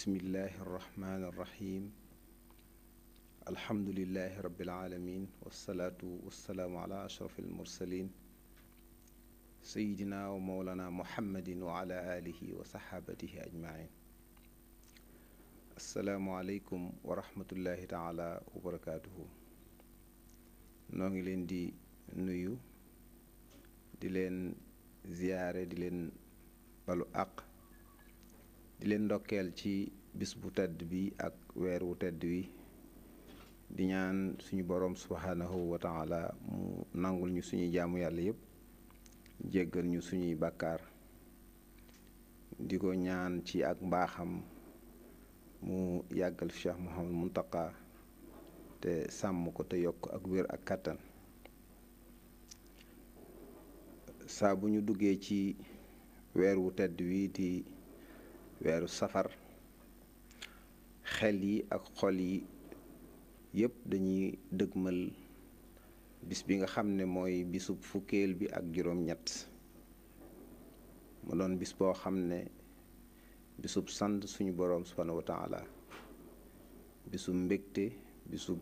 bismillahi arrahmaani arrahim alhamdulilahi rabbil alamin wassalaatu wassalaamu ala ashrafil mursalin sayidina wa mawlana muhammadin wa ala alihi wa saxaabatihi ajmain assalaamu aleykum wa rahmatullahi taala wa barakaatuhu noo ngi leen di nuyu di leen ziyaare di leen balu àq di leen ndokkeel ci bis bu tedd bi ak weer wu tedd wi di ñaan suñu boroom subhaanahu wa taala mu nangul ñu suñuy jaamu yàlla yépp jéggal ñu suñuy bàkkaar di ko ñaan ci ak mbaaxam mu yàggal fi Cheikh Mouhamadou Mountakha te sàmm ko te yokk ak wér ak kàttan saa bu ñu duggee ci weer wu tedd wi di weeru safar xel yi ak xol yi yépp dañuy dëgmal bis bi nga xam ne mooy bisub fukkeel bi ak juróom-ñett mu doon bis boo xam ne bisub sant suñu boroom subhaanahu wa taala bisub mbégte bisub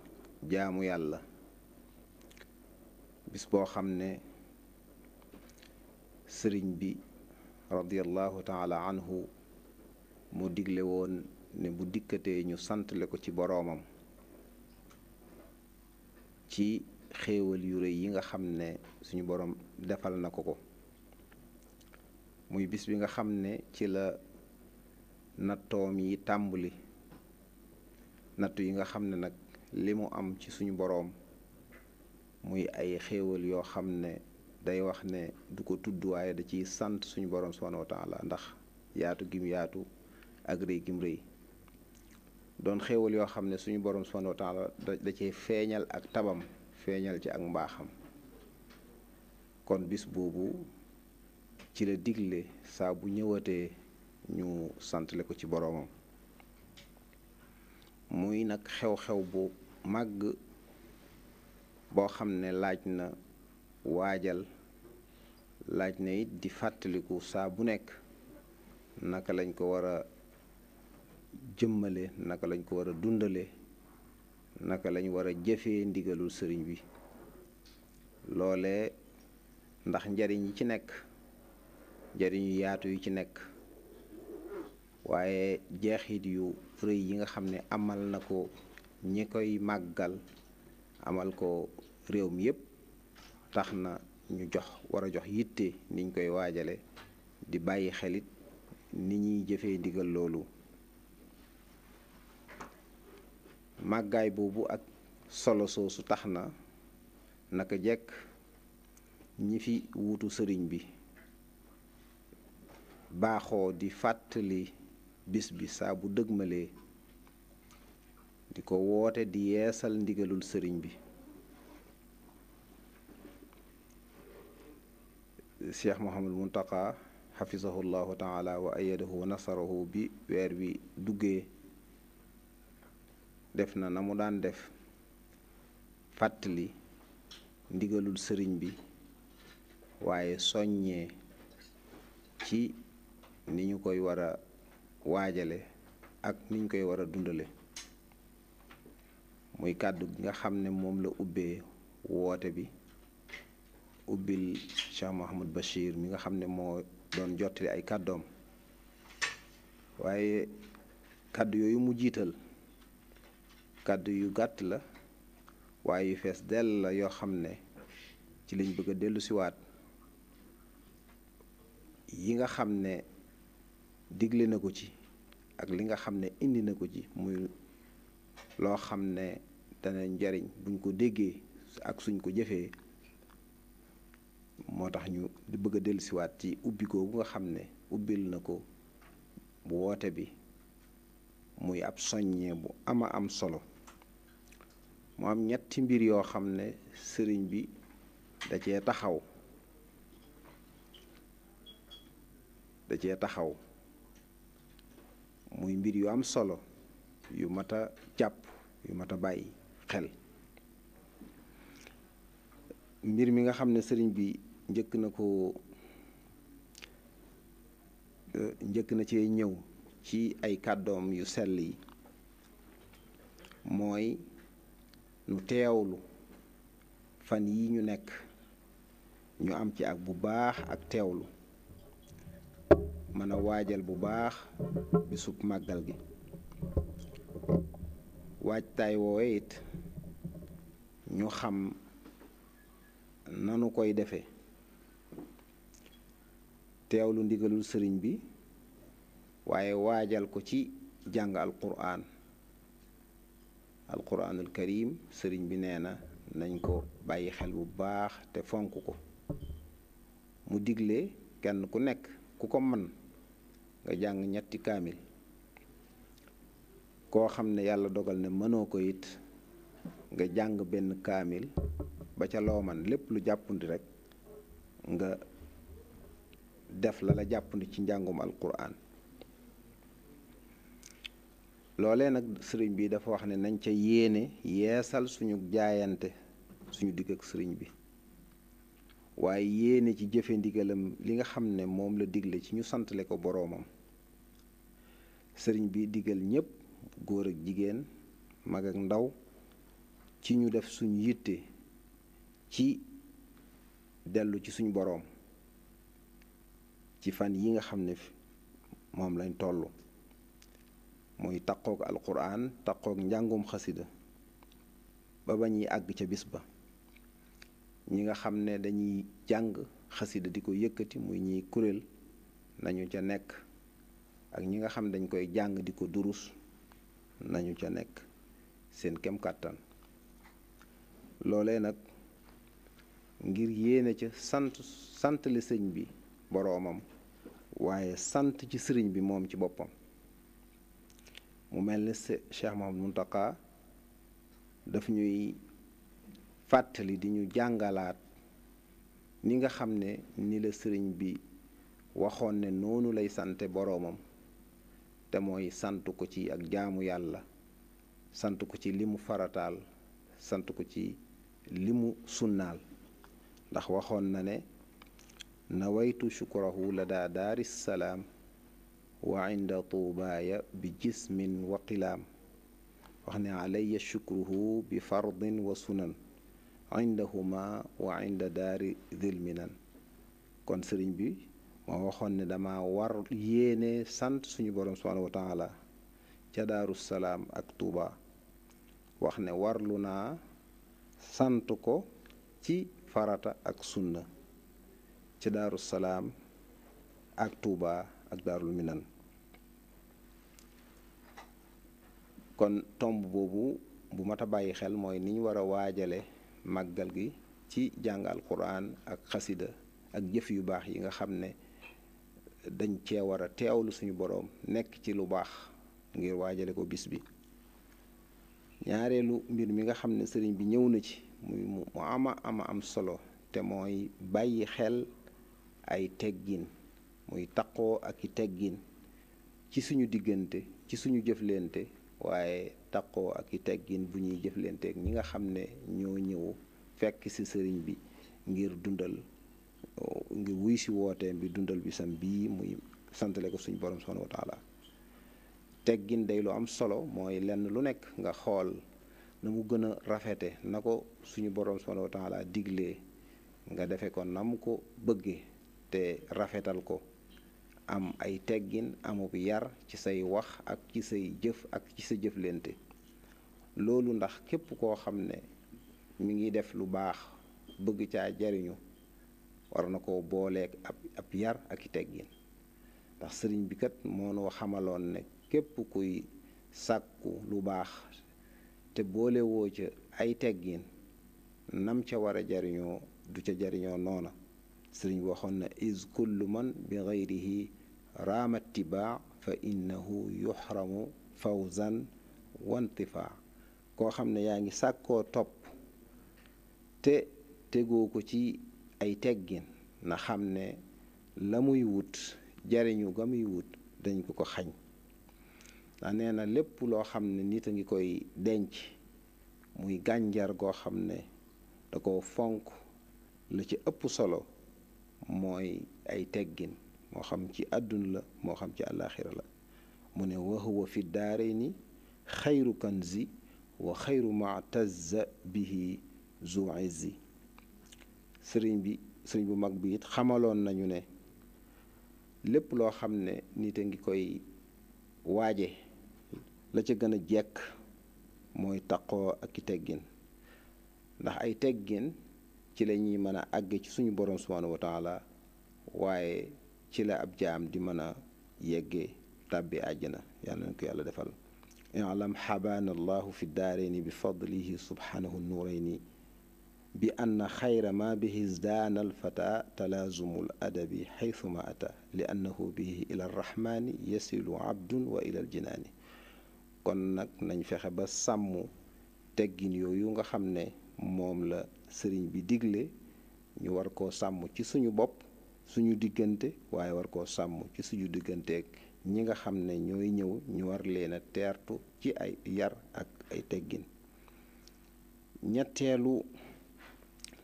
jaamu yàlla bis boo xam ne sëriñ bi radiallahu taala anhu mu digle woon ne bu dikkatee ñu santale ko ci boroomam ci xéewal yu rëy yi nga xam ne suñu boroom defal na ko ko muy bés bi nga xam ne ci la nattoom yi tàmbali nattu yi nga xam ne nag li mu am ci suñu boroom muy ay xéewal yoo xam ne day wax ne du ko tudd waaye da ciy sant suñu boroom subhanahu wa taala ndax yaatu gim yaatu ak rëy gim rëy doon xéewal yoo xam ne suñu borom subhanahu wa taala da cee feeñal ak tabam feeñal ci ak mbaaxam kon bis boobu ci la digle saa bu ñëwatee ñu santale ko ci boroomam muy nag xew-xew bu màgg boo xam ne laaj na waajal laaj na it di fàttaliku saa bu nekk naka lañ ko war jëmmale naka lañ ko war a dundale naka lañu war a jëfee ndigalul sëriñ bi loole ndax njariñ yi ci nekk njariñ yu yaatu yu ci nekk waaye jeexit yu rëy yi nga xam ne amal na ko ñi koy màggal amal ko réew mi yépp tax na ñu jox war a jox yitte niñ koy waajale di bàyyi xelit ni ñuy jëfee ndigal loolu màggaay boobu ak solo soosu tax na naka jekk ñi fi wuutu sëriñ bi baaxoo di fàttali bis bi saabu bu di ko woote di yeesal ndigalul sëriñ bi cheikh mohamad muntaka xafisahu llahu taala wa ayadahu wa nasarahu bi weer wi dugge def na na mu daan def fàttali ndigalul sëriñ bi waaye soññee ci ni ñu koy war a waajale ak ni ñu koy war a dundale muy kàddu gi nga xam ne moom la ubbee woote bi ubbil Cheikh Mouhamad Bachir mi nga xam ne moo doon jottali ay kàddoom waaye kàddu yooyu mu jiital kàddu yu gàtt la waaye yu fees dell la yoo xam ne ci lañ bëgg dellusiwaat yi nga xam ne digle na ko ci ak li nga xam ne indi na ko ci muy loo xam ne dana njariñ buñ ko déggee ak suñ ko jëfee moo tax ñu bëgg a dellusiwaat ci ubbi ko bu nga xam ne ubbil na ko bu woote bi muy ab soññee bu ama am solo mu am ñetti mbir yoo xam ne sëriñ bi da cee taxaw da cee taxaw muy mbir yu am solo yu mat a jàpp yu mat a bàyyi xel mbir mi nga xam ne sëriñ bi njëkk na ko e, njëkk na cee ñëw ci ay kàddoom yu sell yi mooy nu teewlu fan yi ñu nekk ñu am ci ak bu baax ak teewlu mën a waajal bu baax bisub màggal gi waajtaay woowe it ñu xam nanu koy defe teewlu ndigalul sëriñ bi waaye waajal ko ci jàng alquran alquranul karim sëriñ bi nee na nañ ko bàyyi xel bu baax te fonk ko mu digle kenn ku nekk ku ko man nga jàng ñetti kaamil koo xam ne yàlla dogal ne mënoo ko yit nga jàng benn kaamil ba ca loo man lépp lu jàppandi rekk nga def la la jàppandi ci njàngum alquran loolee nag sëriñ bi dafa wax ne nañ ca yéene yeesal suñu jaayante suñu digg ak sëriñ bi waaye yéene ci jëfe ndigalam li nga xam ne moom la digle ci ñu santale ko boroomam sëriñ bi digal ñépp góor ak jigéen mag ak ndaw ci ñu def suñu yitte ci dellu ci suñu boroom ci fan yi nga xam ne moom lañ tollu muy taqoog alquran taqoog njàngum xasida ba ba ñuy àgg ca bis ba ñi nga xam ne dañuy jàng xasida di ko yëkkati muy ñiy kuréel nañu ca nekk ak ñi nga xam dañ koy jàng di ko durus nañu ca nekk seen kem kàttan loole nag ngir yéene ca sant sant sëñ bi boroomam waaye sant ci sëriñ bi moom ci boppam mu mel ni Cheikh Mouhamadou Mountakha daf ñuy fàttali di ñu jàngalaat ni nga xam ne ni la sëriñ bi waxoon ne noonu lay sante boroomam te mooy sant ko ci ak jaamu yàlla sant ko ci li mu farataal sant ko ci limu mu sunnaal ndax waxoon na ne na shukurahu la daa daari salaam wa bi jismin wa qilaam wax ne alayya shukruhu bi fardin wa sunan indahuma wa inda daari kon sëriñ bi moo ne dama war yéene sant suñu borom subhaanahu ca daaru salaam ak tuuba wax ne warlu naa sant ko ci farata ak sunna ca daaru salaam ak tuuba ak daarul minan kon tomb boobu bu mat a bàyyi xel mooy ni ñu war a waajale màggal gi ci jàng alquran ak xasida ak jëf yu baax yi nga xam ne dañ cee war a teewlu suñu boroom nekk ci lu baax ngir waajale ko bis bi ñaareelu mbir mi nga xam ne sëriñ bi ñëw na ci muy mu ama ama am solo te mooy bàyyi xel ay teggin muy taqoo ak i teggin ci suñu diggante ci suñu jëflante waaye taqoo ak i teggin bu ñuy jëflanteeg ñi nga xam ne ñoo ñëw fekk si sëriñ bi ngir dundal ngir wuy si wooteem bi dundal bisam bii muy santale ko suñu borom subhanahu wa taala teggin day lu am solo mooy lenn lu nekk nga xool na mu gën a rafete na ko suñu borom subhanahu wa taala diglee nga defe ko nam ko bëgge te rafetal ko am ay teggin amub yar ci say wax ak ci say jëf ak ci sa jëflante loolu ndax képp koo xam ne mi ngi def lu baax bëgg ca jariñu war na ko booleeg ab ab yar ak i teggin ndax sëriñ bi kat moo xamaloon ne képp kuy sàkku lu baax te boolewoo ca ay teggin nam ca war a jariñoo du ca jariñoo noona sëriñ waxoon na is kullu man bi gayrihi raama tibaa fa innahu yuxramu fawzan wantifa koo xam ne yaa ngi sàkkoo topp te tegoo ko ci ay teggin na xam ne la muy wut jariñu ga muy wut dañ ko ko xañ ndax nee na lépp loo xam ne nit a ngi koy denc muy gànjar goo xam ne da ko fonk la ci ëpp solo mooy ay teggin moo xam ci àdduna la moo xam ci àllaaxira la mu ne wa huwa fi daarayni xayru kanzi wa xayru matazza bihi zu izzi sëriñ bi sëriñ bu mag bi xamaloon nañu ne lépp loo xam ne nit a ngi koy waaje la ca gën a jekk mooy taqoo ak i teggin ndax ay teggin ci la ñuy mën a àgg ci suñu borom subhanahu wa taala waaye ci la ab jaam di mën a yegge tàbbi àjjana yàlla na ko yàlla defal ilam xabaana allahu fi daarayni bi fadlihi subhanahu nuurayni bi anna xayra ma bihi zdaana alfata talaazumu l adabi xaythuma ata li annahu bihi ila arrahmaani yasilu abdun wa ila aljinaani kon nag nañ fexe ba sàmm teggin yooyu nga xam ne moom la sëriñ bi digle ñu war koo sàmm ci suñu bopp suñu diggante waaye war koo sàmm ci suñu digganteeg ñi nga xam ne ñooy ñëw ñu war leen a teertu ci ay yar ak ay teggin ñetteelu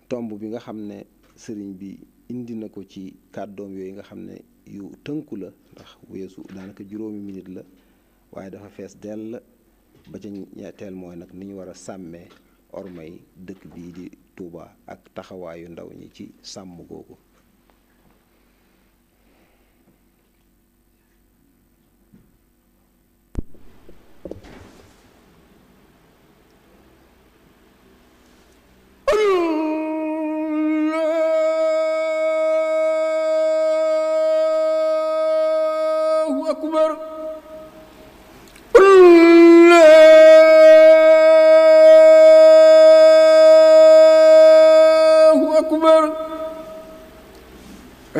tomb bi nga xam ne sëriñ bi indi na ko ci kàddoom yooyu nga xam ne yu tënku la ndax weesu daanaka juróomi minute la waaye dafa fees dell ba ca ñetteel mooy nag ni ñu war a sàmmee ormay dëkk bii di tuuba ak taxawaayu ndaw ñi ci sàmm googu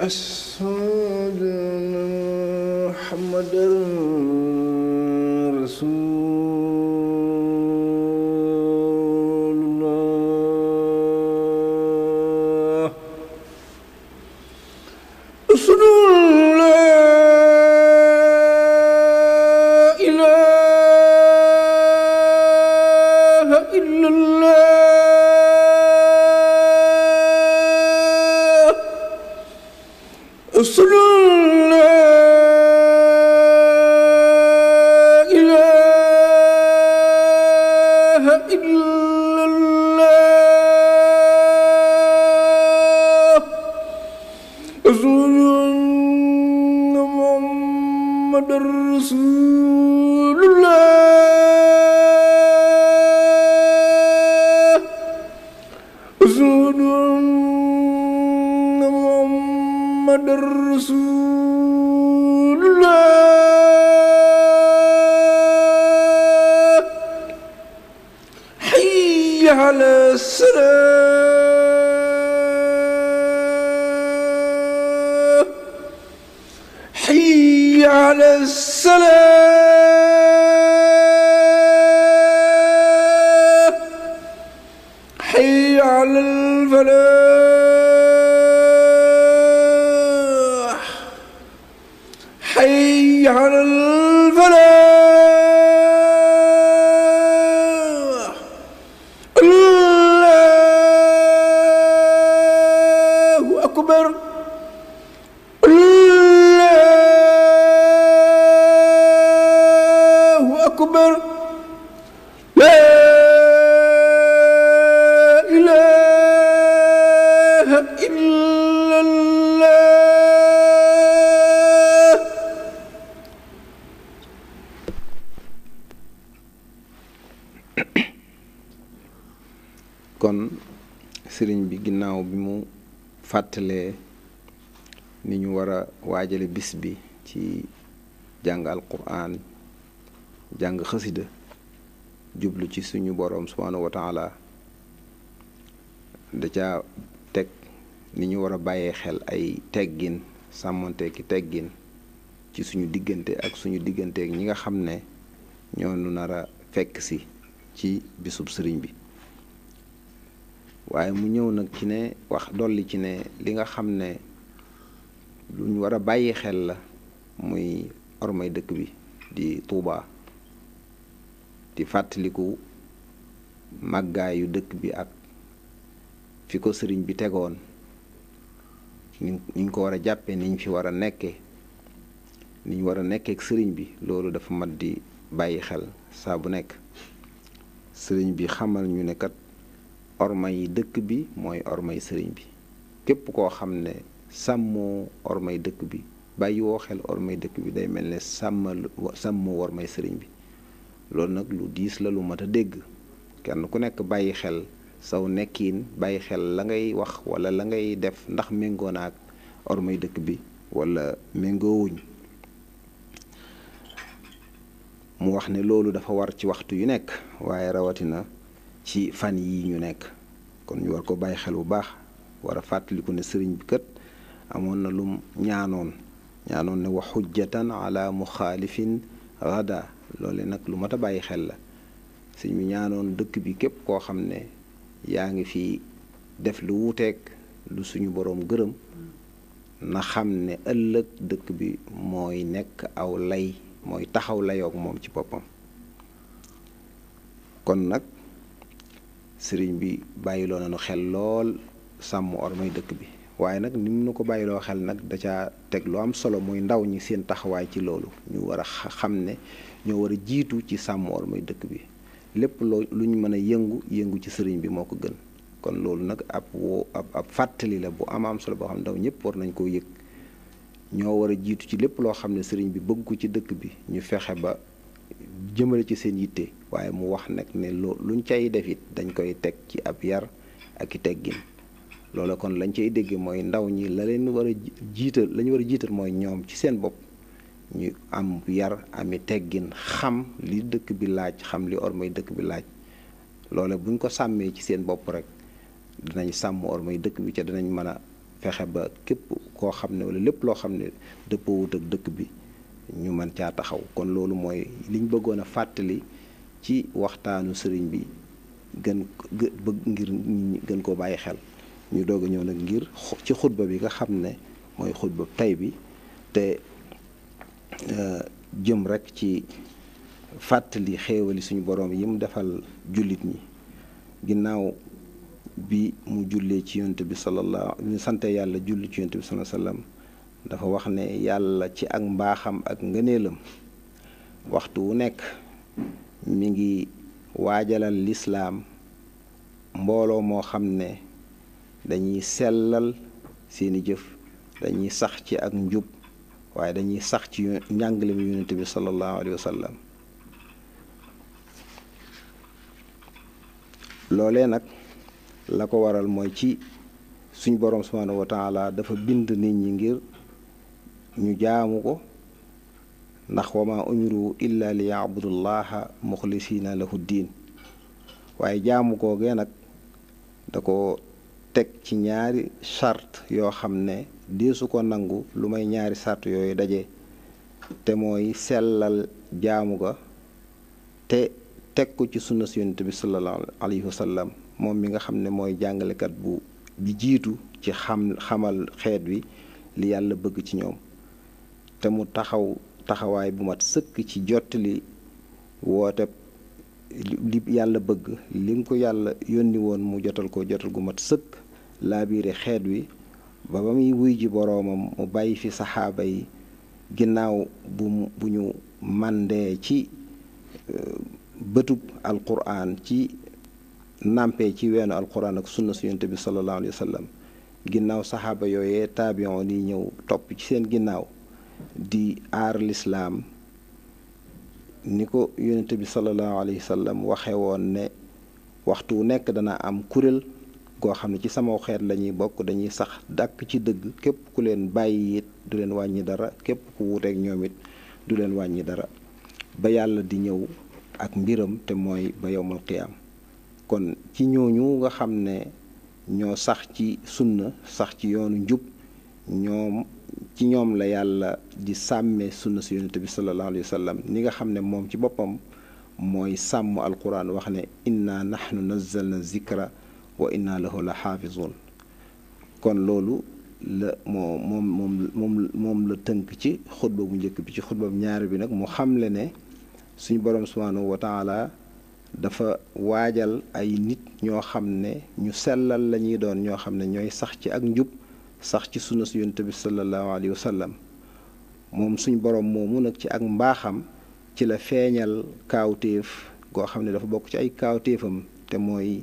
أشهد أن محمدا fàttale ni ñu war a waajale bis bi ci jàng alquran jàng xasida jublu ci suñu boroom subhaanahu wa da ca teg ni ñu war a bàyyee xel ay teggin sàmmante ki teggin ci suñu diggante ak suñu digganteek ñi nga xam ne ñoo nu nar fekk si ci bisub sëriñ bi waaye mu ñëw nag ci ne wax dolli ci ne li nga xam ne lu ñu war a bàyyi xel la muy ormay dëkk bi di Tuuba di fàttaliku màggaayu dëkk bi ak fi ko sëriñ bi tegoon ni ñu ko war a jàppee ni ñu fi war a nekkee ni ñu war a nekkee sëriñ bi loolu dafa mat di bàyyi xel saa bu nekk sëriñ bi xamal ñu ne orma yi dëkk bi mooy orma yi sëriñ bi képp koo xam ne sàmmoo orma yi dëkk bi bàyyi woo xel orma yi dëkk bi day mel ne sàmmal sàmmoo orma yi sëriñ bi loolu nag lu diis la lu mat a dégg kenn ku nekk bàyyi xel saw nekkiin bàyyi xel la ngay wax wala la ngay def ndax méngoo na ak yi dëkk bi wala méngoowuñ mu wax ne loolu dafa war ci waxtu yu nekk waaye rawatina ci fan yi ñu nekk kon ñu war ko bàyyi xel bu baax war a fàttaliku ne sëriñ bi kat amoon na lu ñaanoon ñaanoon ne wa xujjatan ala muxaalifin loole nag lu mat a bàyyi xel la sëñ bi ñaanoon dëkk bi képp koo xam ne yaa ngi fi def lu wuuteeg lu suñu boroom gërëm na xam ne ëllëg dëkk bi mooy nekk aw lay mooy taxaw layoog moom ci boppam kon nag sëriñ bi bàyyiloo nañu xel lool sàmm ormay dëkk bi waaye nag ni mu nu ko bàyyiloo xel nag da caa teg lu am solo mooy ndaw ñi seen taxawaay ci loolu ñu war a xam ne ñoo war a jiitu ci sàmm ormay dëkk bi lépp loo lu ñu mën a yëngu yëngu ci sëriñ bi moo ko gën kon loolu nag ab fàttali la bu am solo boo xam ne ndaw ñëpp war nañ koo yëg ñoo war a jiitu ci lépp loo xam ne sëriñ bi bëgg ci dëkk bi ñu fexe ba jëmale ci seen yitte waaye mu wax nag ne loo luñ cay def it dañ koy teg ci ab yar ak i teggin loolu kon lañ cay déggee mooy ndaw ñi la leen war a jiital la ñu war a jiital mooy ñoom ci seen bopp ñu am yar ami teggin xam li dëkk bi laaj xam li ormay dëkk bi laaj loole buñ ko sàmmee ci seen bopp rek dinañ sàmm ormay dëkk bi ca dinañ mën a fexe ba képp koo xam ne wala lépp loo xam ne dëppoo wut ak dëkk bi ñu mën caa taxaw kon loolu mooy liñ bëggoon a fàttali ci waxtaanu sëriñ bi gën bëgg ngir gën koo bàyyi xel ñu doog ñëw nag ngir ci xutba bi nga xam ne mooy xutba tey bi te euh, jëm rek ci fàttali xéewali suñu boroom yi mu defal jullit ñi ginnaaw bi mu jullee ci yont bi sallallahu ñu sante yàlla julli ci yonte bi sallallahu sallam dafa wax ne yàlla ci ak mbaaxam ak ngëneelam waxtu wu nekk mi ngi waajalal lislaam mbooloo moo xam ne dañuy sellal seeni jëf dañuy sax ci ak njub waaye dañuy sax ci njàngalem yonent bi sallallahu alayhi wa sallam nag la ko waral mooy ci suñ boroom subhanahu wa dafa bind nit ñi ngir ñu jaamu ko ndax wa ma umiru illa li yaabudullaha muxlisina lahu diin waaye jaamu googee nag da ko teg ci ñaari sart yoo xam ne deesu ko nangu lu may ñaari sart yooyu daje te mooy sellal jaamu ga te teg ko ci sunna si yonent bi sallallahu alayhi wa moom mi nga xam ne mooy jàngalekat bu bi jiitu ci xam xamal xeet wi li yàlla bëgg ci ñoom te mu taxaw taxawaay bu mat sëkk ci jottali woote li yàlla bëgg lim ko yàlla yónni woon mu jotal ko jotal gu mat sëkk laabiire xeet wi ba ba muy wuy ji boroomam mu bàyyi fi saxaaba yi ginnaaw bu bu ñu màndee ci euh, bëtub alquran ci nàmpee ci weenu alquran ak sunna su bi sallallahu alayhi wa sallam ginnaaw saxaaba yooye taabiyoon yi ñëw topp ci seen ginnaaw di aar lislaam ni ko yonent bi salallahu alayhi wa sallam waxe woon ne waxtu wu nekk dana am kuréel goo xam ne ci sama xeet lañuy bokk dañuy sax dàkk ci dëgg képp ku leen bàyyi it du leen wàññi dara képp ku wuuteeg ñoom it du leen wàññi dara ba yàlla di ñëw ak mbiram te mooy ba yowmal qiyaam kon ci ñooñu nga xam ne ñoo sax ci sunna sax ci yoonu njub ñoom ci ñoom la yàlla di sàmmee sunna si yonente bi sallallahu alayhi wa sallam ni nga xam ne moom ci boppam mooy sàmm alquran wax ne inna nahnu nazzalna zikra wa inna lahu la xaafizun kon loolu la moo moom moom moom la tënk ci xutba bu njëkk bi ci xutba bu ñaar bi nag mu xam ne ne suñu borom subhanahu wa taala dafa waajal ay nit ñoo xam ne ñu sellal lañuy doon ñoo xam ne ñooy sax ci ak njub sax ci sunna su yonent bi sallallahu alayhi wa moom suñ borom moomu nag ci ak mbaaxam ci la feeñal kaawteef goo xam ne dafa bokk ci ay kawtéefam te mooy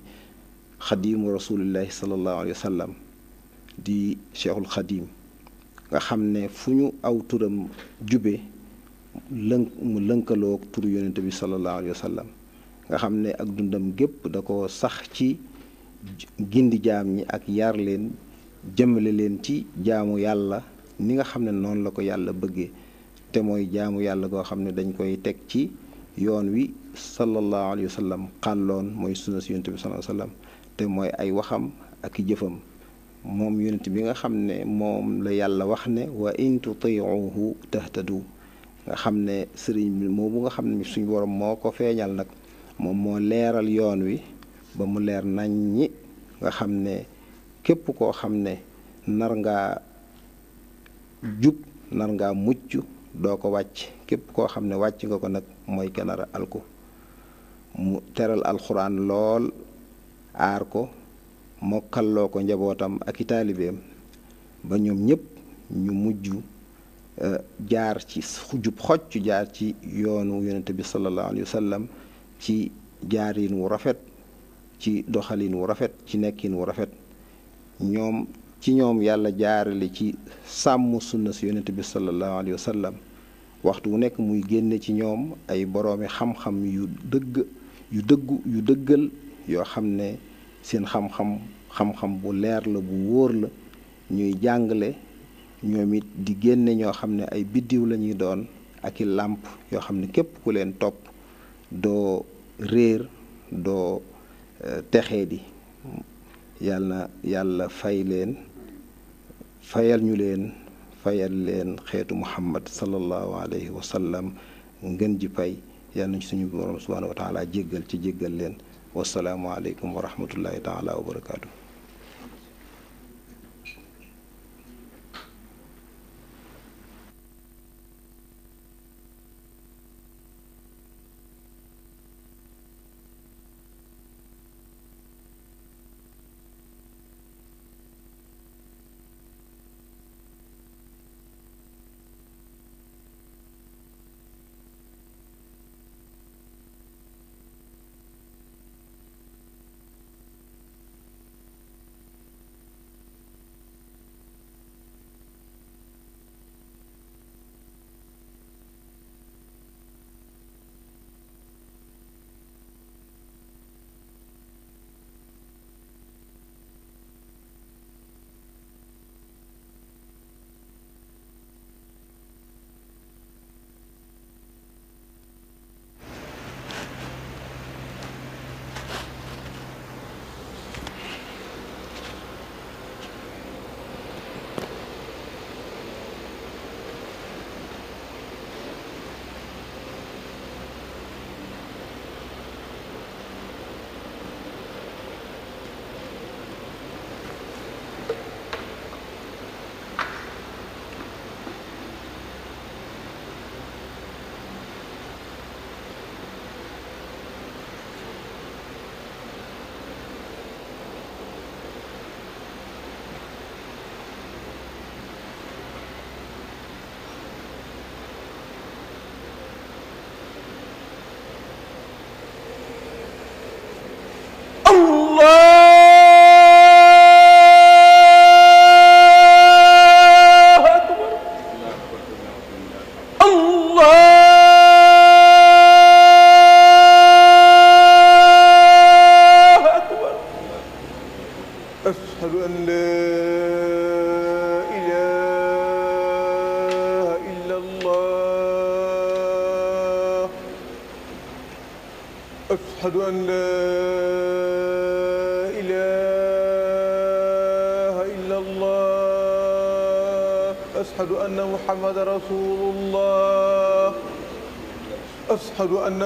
xadimu rasulillahi sallallahu alayhi wa sallam di cheikhul xadim nga xam ne fu ñu aw turam jube lënk mu lënkaloog turu yonent bi sallallahu alayhi wa nga xam ne ak dundam gépp da ko sax ci gindi jaam ñi ak yar leen jëmale leen ci jaamu yàlla ni nga xam ne noonu la ko yàlla bëggee te mooy jaamu yàlla goo xam ne dañ koy teg ci yoon wi sallallahu alayhi wa sallam xàlloon mooy sunna si yonent bi sallallahu sallam te mooy ay waxam ak i jëfam moom yonent bi nga xam ne moom la yàlla wax ne wa in tutiuhu tahtadu nga xam ne sëriñ bi moomu nga xam ne suñu borom moo ko feeñal nag moom moo leeral yoon wi ba mu leer nañ ñi nga xam ne képp koo xam ne nar ngaa jub nar ngaa mucc doo ko wàcc képp koo xam ne wàcc nga ko nag mooy kenara alku mu teral alxuraan lool aar ko mokkalloo ko njabootam ak i taalibeem ba ñoom ñëpp ñu mujj euh, jaar ci jub xocc jaar ci yoonu yonent bi sallallahu alayhi wa ci jaariin wu rafet ci doxalin wu rafet ci nekkin wu rafet ñoom ci ñoom yàlla jaarale ci sàmm sunna si yonent bi sallallahu alayhi wa sallam waxtu wu nekk muy génne ci ñoom ay boroomi xam-xam yu dëgg yu dëggu yu dëggal yoo xam ne seen xam-xam xam-xam bu leer la bu wóor la ñuy jàngale ñoom it di génne ñoo xam ne ay biddiw lañuy doon ak i làmp yoo xam ne képp ku leen topp doo réer doo euh, texe di yàll na yàlla fay leen fayal ñu leen fayal leen xeetu muhammad sallallahu alayhi wa sallam ngën ji pay yàlla nañ suñu borom subhanahu wa taala jéggal ci jéggal leen wasalaamualeykum wa rahmatullahi taala wa barakaatu.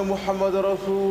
muhammad rasul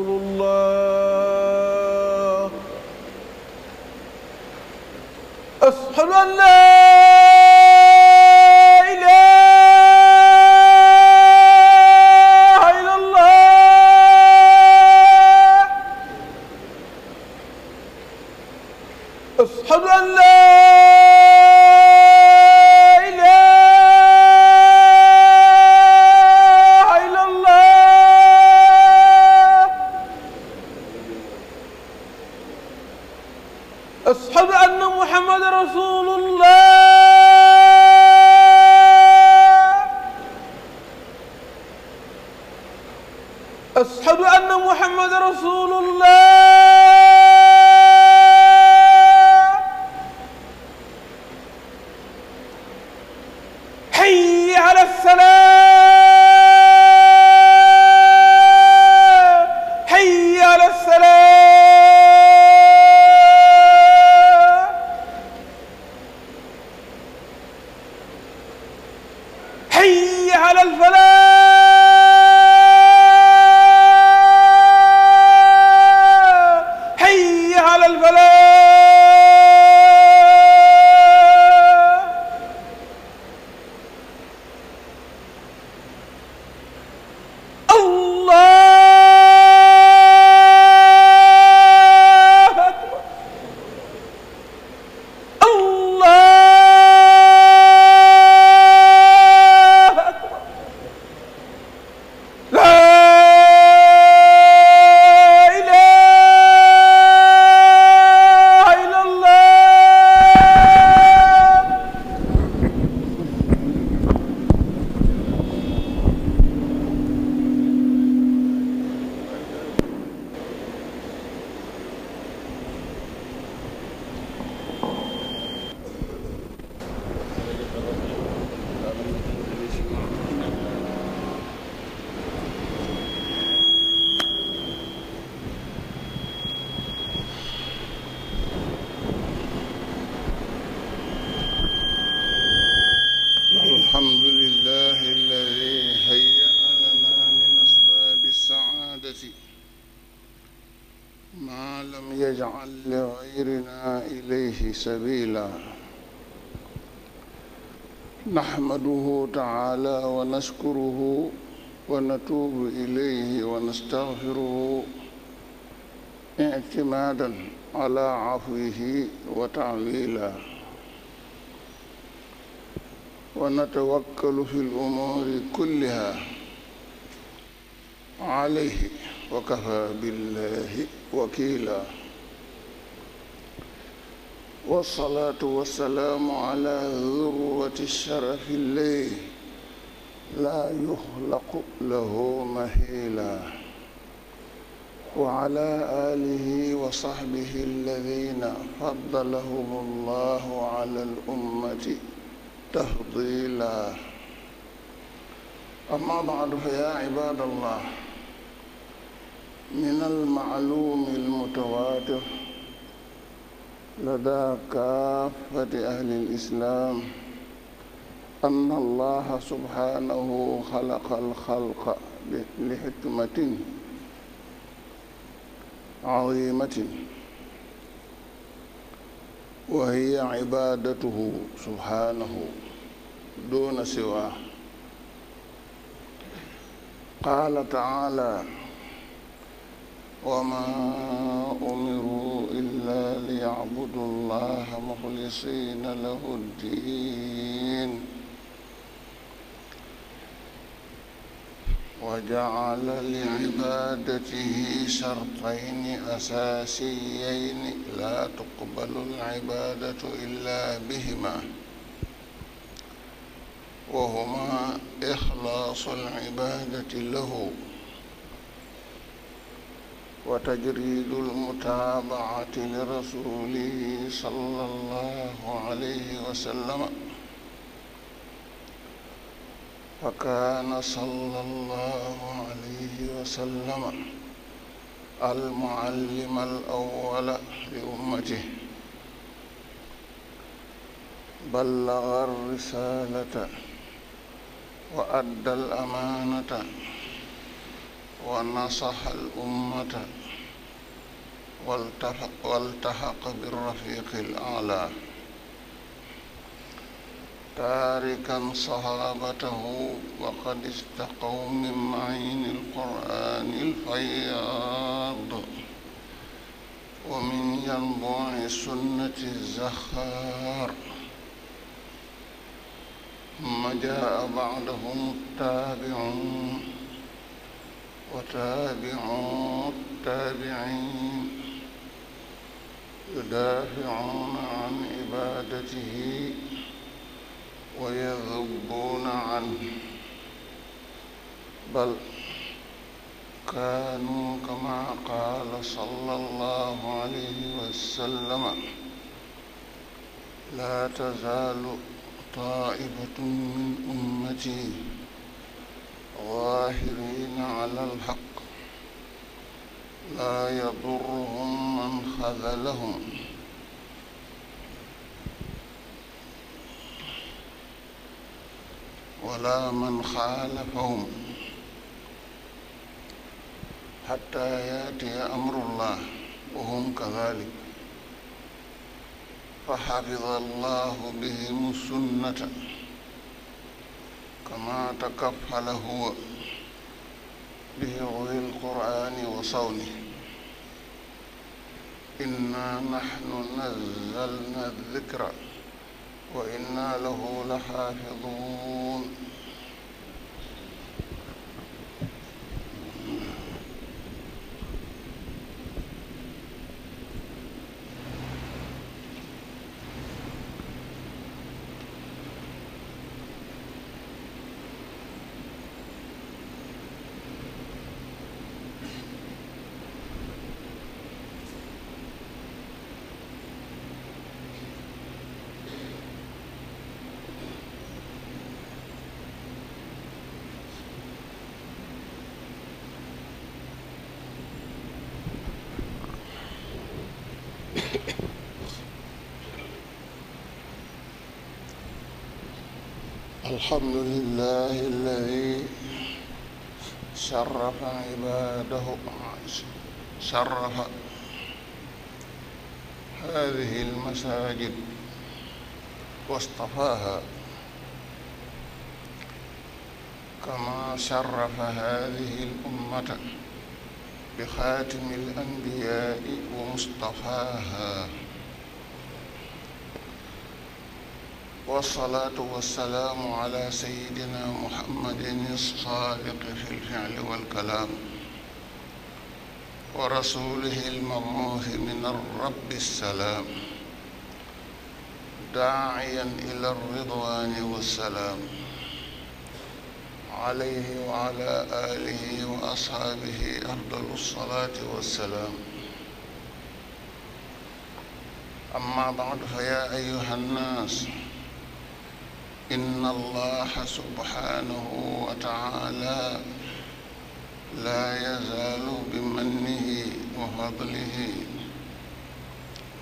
سبيلا نحمده تعالى ونشكره ونتوب إليه ونستغفره اعتمادا على عفوه وتعليلا ونتوكل في الأمور كلها عليه وكفى بالله وكيلا wasalaatu wasalaamu ala zurwati sharafi lay laa yuxlaqu lahu maxiila wa ala aalihi wa saxbihi alladina faddalahum allahu ala alummati تفضيلا أما بعد فيا عباد الله من المعلوم المتواتر لدى كافة أهل الإسلام أن الله سبحانه خلق الخلق لحكمة عظيمة وهي عبادته سبحانه دون سواه قال تعالى وما أمروا إلا ليعبدوا الله مخلصين له الدين وجعل لعبادته شرطين أساسيين لا تقبل العبادة إلا بهما وهما إخلاص العبادة له وتجريد المتابعة لرسوله صلى الله عليه وسلم فكان صلى الله عليه وسلم المعلم الأول لأمته بلغ الرسالة وأدى الأمانة ونصح الأمة والتحق, والتحق بالرفيق الأعلى تاركا صحابته وقد استقوا من معين القرآن الفياض ومن ينبوع سنة الزخار ثم جاء بعدهم التابعون وتابعوا التابعين يدافعون عن عبادته ويغضون عنه بل كانوا كما قال صلى الله عليه وسلم لا تزال طائفة من أمتي ظاهرين على الحق لا يضرهم من خذلهم ولا من خالفهم حتى ياتي امر الله وهم كذلك فحفظ الله بهم السنه كما تكفل هو بحفظ القرآن وصونه إنا نحن نزلنا الذكر وإنا له لحافظون الحمد لله الذي شرف عباده شرف هذه المساجد واصطفاها كما شرف هذه الأمة بخاتم الأنبياء ومصطفاها والصلاة والسلام على سيدنا محمد الصادق في الفعل والكلام ورسوله المبعوث من الرب السلام داعيا إلى الرضوان والسلام عليه وعلى آله وأصحابه أفضل الصلاة والسلام أما بعد فيا أيها الناس inna allaha subhanahu wa taala laa yazaalu bimannihi wa fadlihi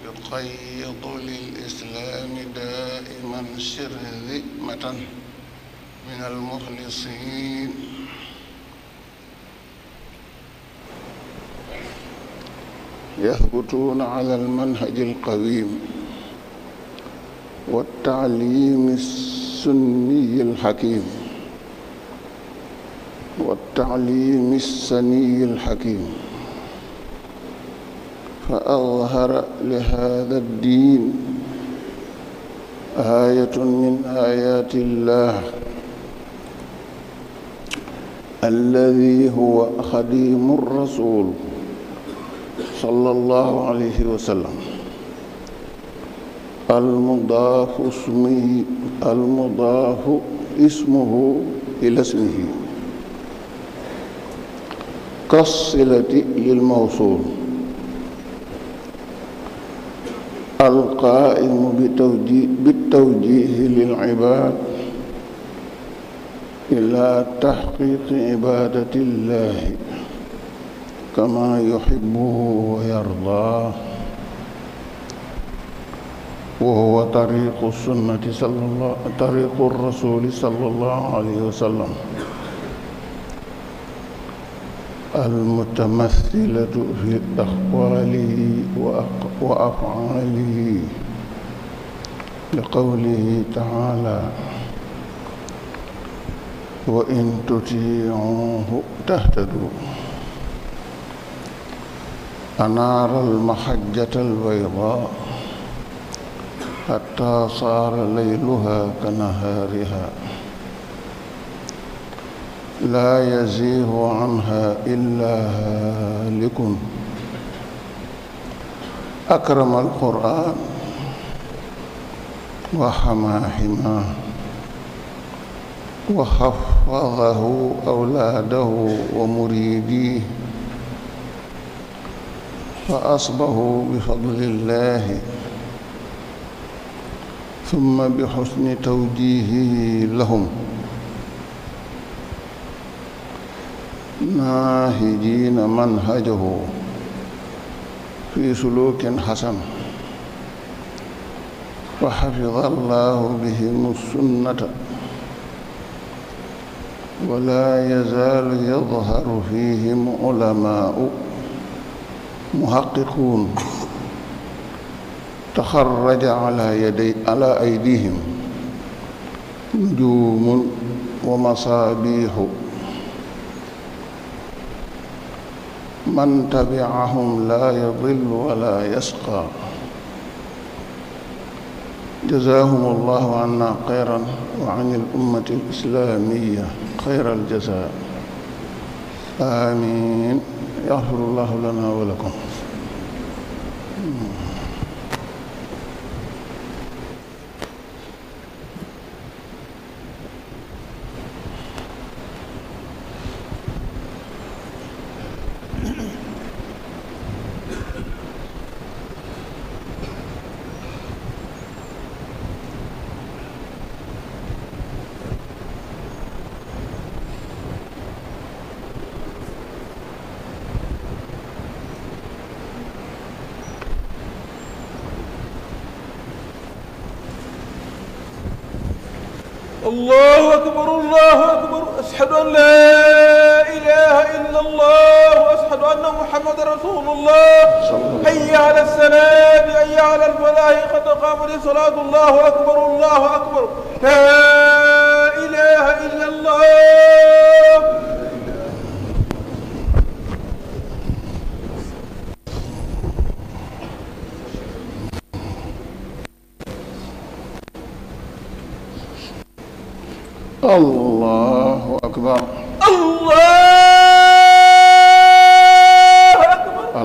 yuqayyidu lilislaami daa'iman shirhimatan min almuxlisiin yahbutuuna ala almanhaji alqawiim wa taaliimi السني الحكيم والتعليم السني الحكيم فأظهر لهذا الدين آية من آيات الله الذي هو خديم الرسول صلى الله عليه وسلم المضاف اسمه المضاف اسمه إلى اسمه كالصلة للموصول القائم بالتوجيه للعباد إلى تحقيق عبادة الله كما يحبه ويرضاه وهو طريق السنة صلى الله طريق الرسول صلى الله عليه وسلم المتمثلة في أقواله وأفعاله لقوله تعالى وإن تطيعوه تهتدوا أنار المحجة البيضاء حتى صار ليلها كنهارها لا يزيغ عنها إلا هالك أكرم القرآن وحمى حماه وحفظه أولاده ومريديه فأصبحوا بفضل الله summa bi xusni tawjiihi lahum naahijiina manhajahu fi suluukin xasan wa xafida allahu bihim sunnata wala yazaalu yadharu fihim ulamaau muhaqiquun تخرج على يدي على أيديهم نجوم ومصابيح من تبعهم لا يضل ولا يشقى جزاهم الله عنا خيرا وعن الأمة الإسلامية خير الجزاء آمين يغفر الله لنا ولكم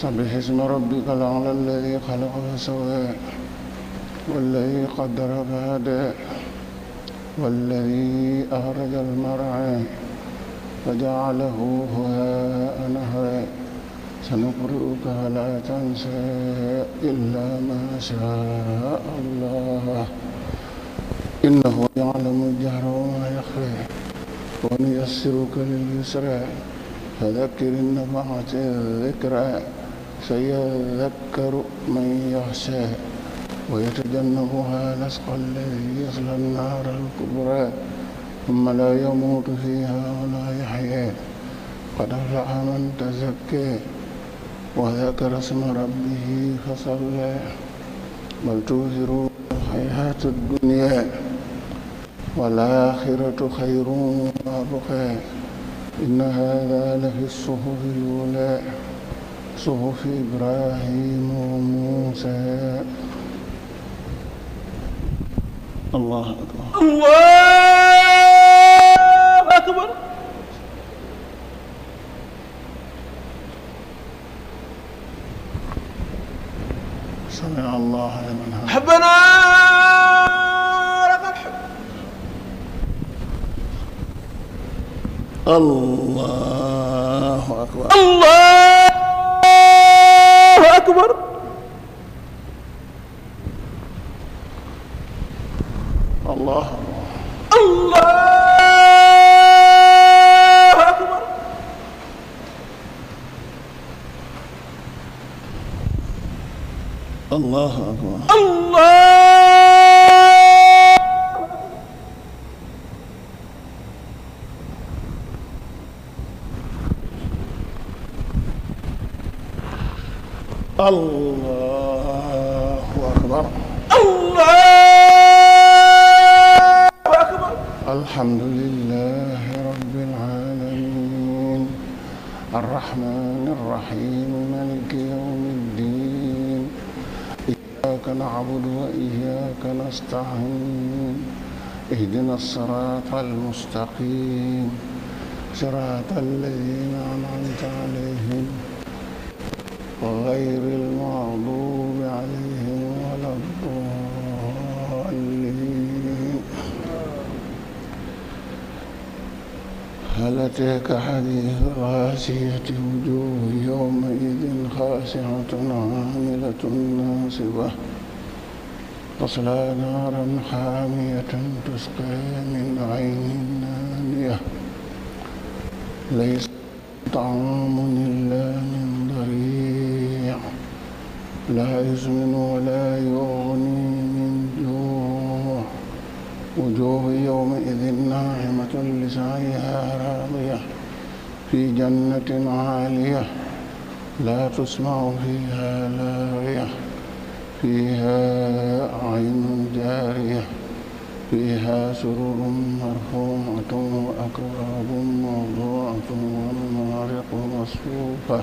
سبح اسم ربك الأعلى الذي خلق فسوى والذي قدر فهدى والذي أخرج المرعى فجعله هواء نهرا سنقرئك فلا تنسى إلا ما شاء الله إنه يعلم الجهر وما يخفى ونيسرك لليسرى فذكر النفعة الذكرى سيذكر من يخشى ويتجنبها الأشقى الذي يصلى النار الكبرى ثم لا يموت فيها ولا يحيا قد أفلح من تزكى وذكر اسم ربه فصلى بل تؤثرون الحياة الدنيا والآخرة خير وأبقى إن هذا لفي الصحف الأولى صحف إبراهيم وموسى الله أكبر الله أكبر سمع الله لمن حمده حبنا لك الحمد الله أكبر الله d'abord allah allah akbar allah akbar allah allahu akbar allahu akbar alhamdulilah rabbil alamin arrahman arrahim maliki yawmi ddin iyyaka na'budu wa iyyaka nasta'in اهدنا الصراط المستقيم صراط الذين أنعمت عليهم غير المغضوب عليهم ولا الضالين هل أتاك حديث الغاشية وجوه يومئذ خاشعة عاملة ناصبة تصلى نارا حامية تسقى من عين نانية ليس طعام لا يسمن ولا يغني من جوع وجوه يومئذ ناعمة لسعيها راضية في جنة عالية لا تسمع فيها لاغية فيها عين جارية فيها سرور مرفوعة وأكواب موضوعة ومنارق مصفوفة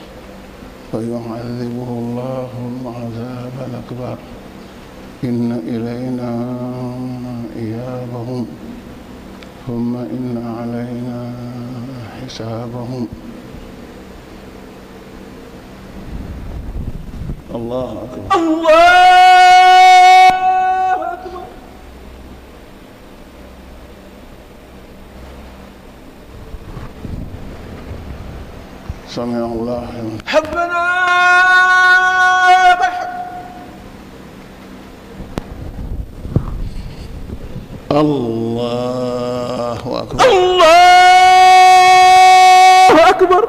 فيعذبه الله العذاب الأكبر إن إلينا إيابهم ثم إن علينا حسابهم الله أكبر الله سمع الله حبنا الله أكبر الله أكبر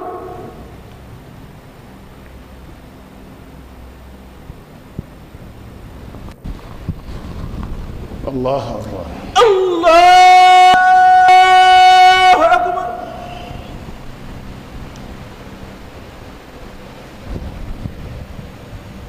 الله أكبر الله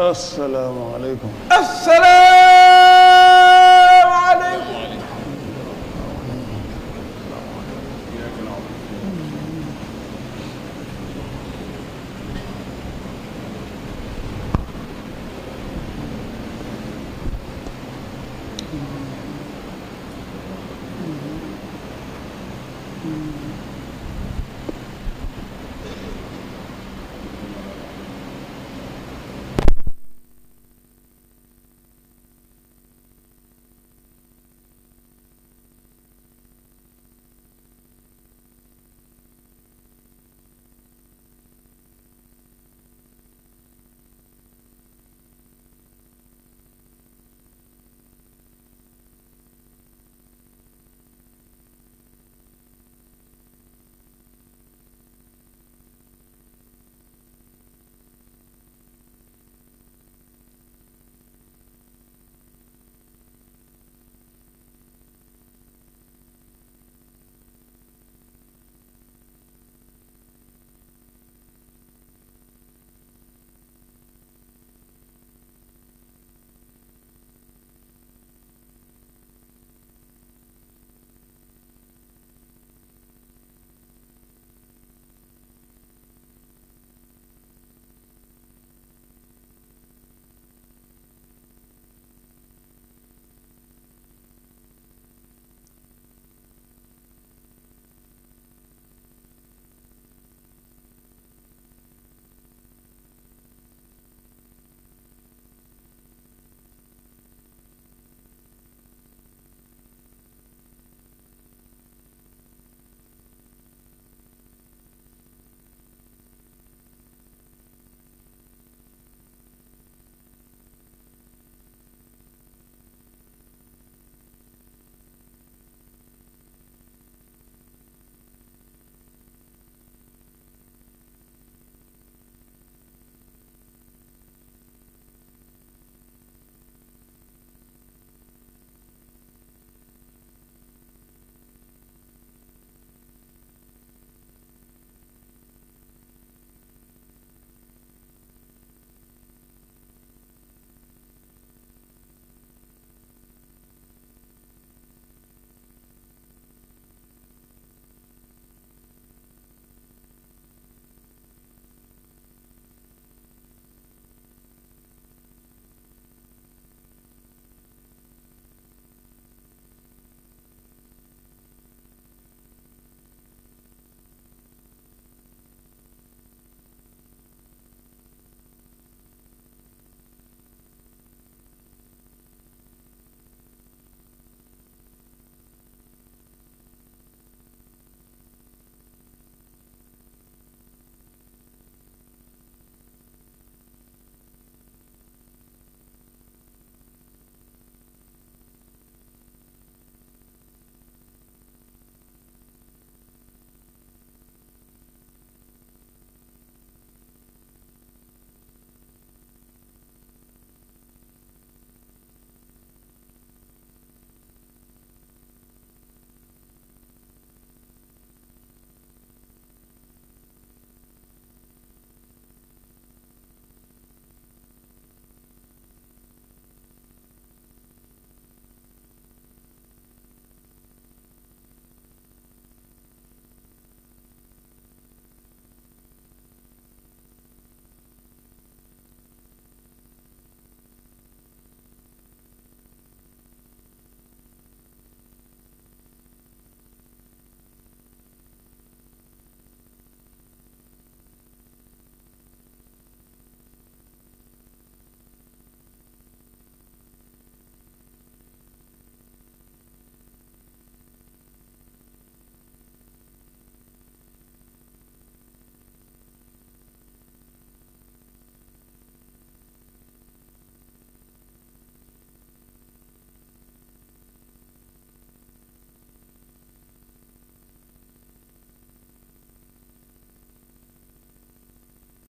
asalaamaaleykum. asalaamaaleykum.